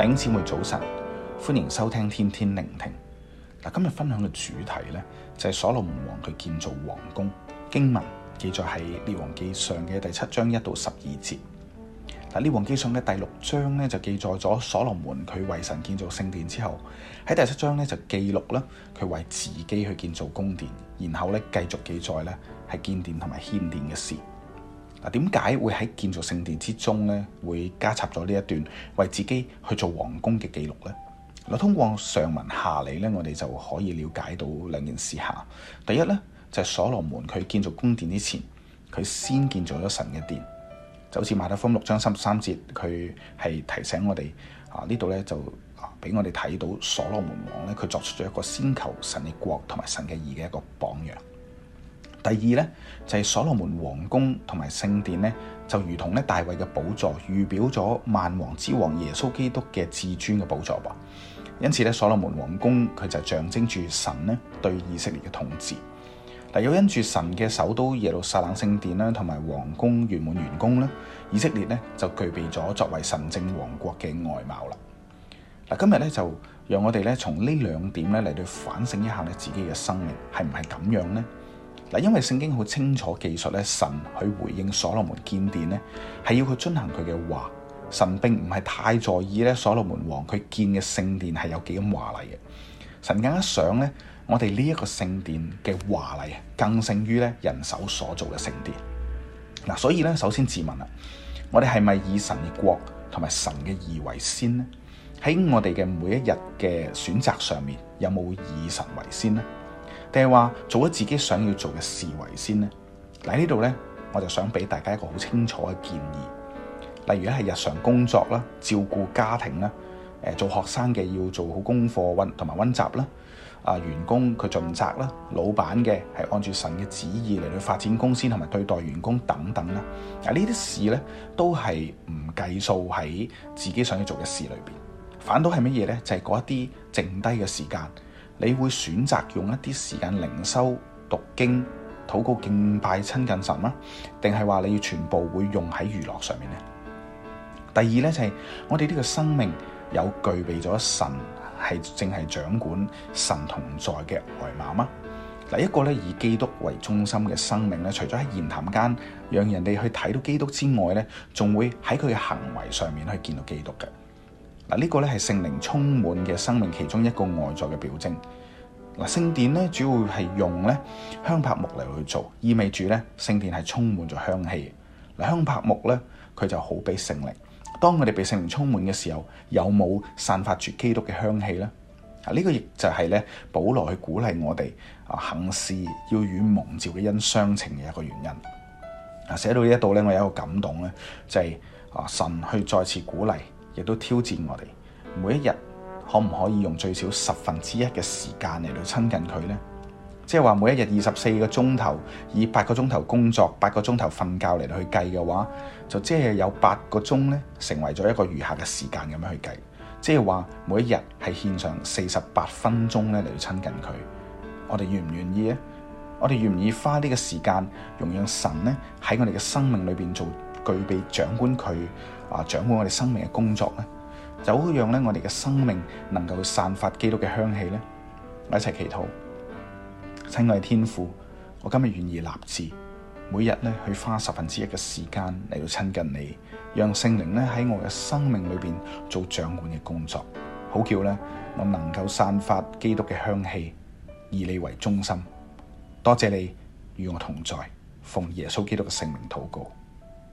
弟兄姊妹早晨，歡迎收聽天天聆聽。嗱，今日分享嘅主題呢，就係所羅門王佢建造王宮。經文記載喺《列王記》上嘅第七章一到十二節。嗱，《列王記上》嘅第六章呢，就記載咗所羅門佢為神建造聖殿之後，喺第七章呢，就記錄啦佢為自己去建造宮殿，然後咧繼續記載咧係建殿同埋獻殿嘅事。嗱，點解會喺建造聖殿之中咧，會加插咗呢一段為自己去做王宮嘅記錄呢？嗱，通過上文下理咧，我哋就可以了解到兩件事嚇。第一呢，就係、是、所羅門佢建造宮殿之前，佢先建造咗神嘅殿，就好似馬太福音六章三十三節，佢係提醒我哋啊，呢度呢就啊，俾我哋睇到所羅門王呢佢作出咗一個先求神嘅國同埋神嘅義嘅一個榜樣。第二咧，就係、是、所羅門王宮同埋聖殿咧，就如同咧大衛嘅寶座，預表咗萬王之王耶穌基督嘅至尊嘅寶座噃。因此咧，所羅門王宮佢就象徵住神咧對以色列嘅統治嗱。有因住神嘅首都耶路撒冷聖殿啦，同埋王宮圓滿完工咧，以色列咧就具備咗作為神政王國嘅外貌啦嗱。今日咧就讓我哋咧從呢兩點咧嚟到反省一下咧自己嘅生命係唔係咁樣咧？嗱，因為聖經好清楚記述咧，神去回應所羅門建殿咧，係要佢遵行佢嘅話。神並唔係太在意咧，所羅門王佢建嘅聖殿係有幾咁華麗嘅。神更加想咧，我哋呢一個聖殿嘅華麗，更勝於咧人手所做嘅聖殿。嗱，所以咧，首先自問啦，我哋係咪以神嘅國同埋神嘅義為先咧？喺我哋嘅每一日嘅選擇上面，有冇以神為先咧？定係話做咗自己想要做嘅事為先呢？喺呢度呢，我就想俾大家一個好清楚嘅建議，例如咧係日常工作啦、照顧家庭啦、做學生嘅要做好功課溫同埋溫習啦、啊、呃、員工佢盡責啦、老闆嘅係按照神嘅旨意嚟去發展公司同埋對待員工等等啦，啊呢啲事呢，都係唔計數喺自己想要做嘅事裏邊，反倒係乜嘢呢？就係嗰一啲剩低嘅時間。你會選擇用一啲時間靈修、讀經、禱告、敬拜親近神嗎？定係話你要全部會用喺娛樂上面咧？第二呢，就係、是、我哋呢個生命有具備咗神係正係掌管、神同在嘅外貌嗎？嗱，一個咧以基督為中心嘅生命咧，除咗喺言談間讓人哋去睇到基督之外呢，仲會喺佢嘅行為上面去見到基督嘅。嗱，呢個咧係聖靈充滿嘅生命其中一個外在嘅表徵。嗱，聖殿咧主要係用咧香柏木嚟去做，意味住咧聖殿係充滿咗香氣。嗱，香柏木咧佢就好比聖靈，當我哋被聖靈充滿嘅時候，有冇散發住基督嘅香氣咧？啊，呢個亦就係咧保羅去鼓勵我哋啊行事要與蒙召嘅恩相稱嘅一個原因。啊，寫到呢一度咧，我有一個感動咧，就係、是、啊神去再次鼓勵。亦都挑戰我哋，每一日可唔可以用最少十分之一嘅時間嚟到親近佢呢？即係話每一日二十四個鐘頭，以八個鐘頭工作、八個鐘頭瞓覺嚟去計嘅話，就即係有八個鐘咧成為咗一個餘下嘅時間咁樣去計。即係話每一日係獻上四十八分鐘咧嚟到親近佢，我哋願唔願意呢？我哋願唔願意花呢個時間容讓神咧喺我哋嘅生命裏邊做？具備掌管佢啊，掌管我哋生命嘅工作咧，就好讓咧我哋嘅生命能夠散發基督嘅香氣咧。我一齊祈禱，親愛天父，我今日願意立志，每日咧去花十分之一嘅時間嚟到親近你，讓聖靈咧喺我嘅生命裏邊做掌管嘅工作，好叫咧我能夠散發基督嘅香氣，以你為中心。多謝你與我同在，奉耶穌基督嘅聖名禱告。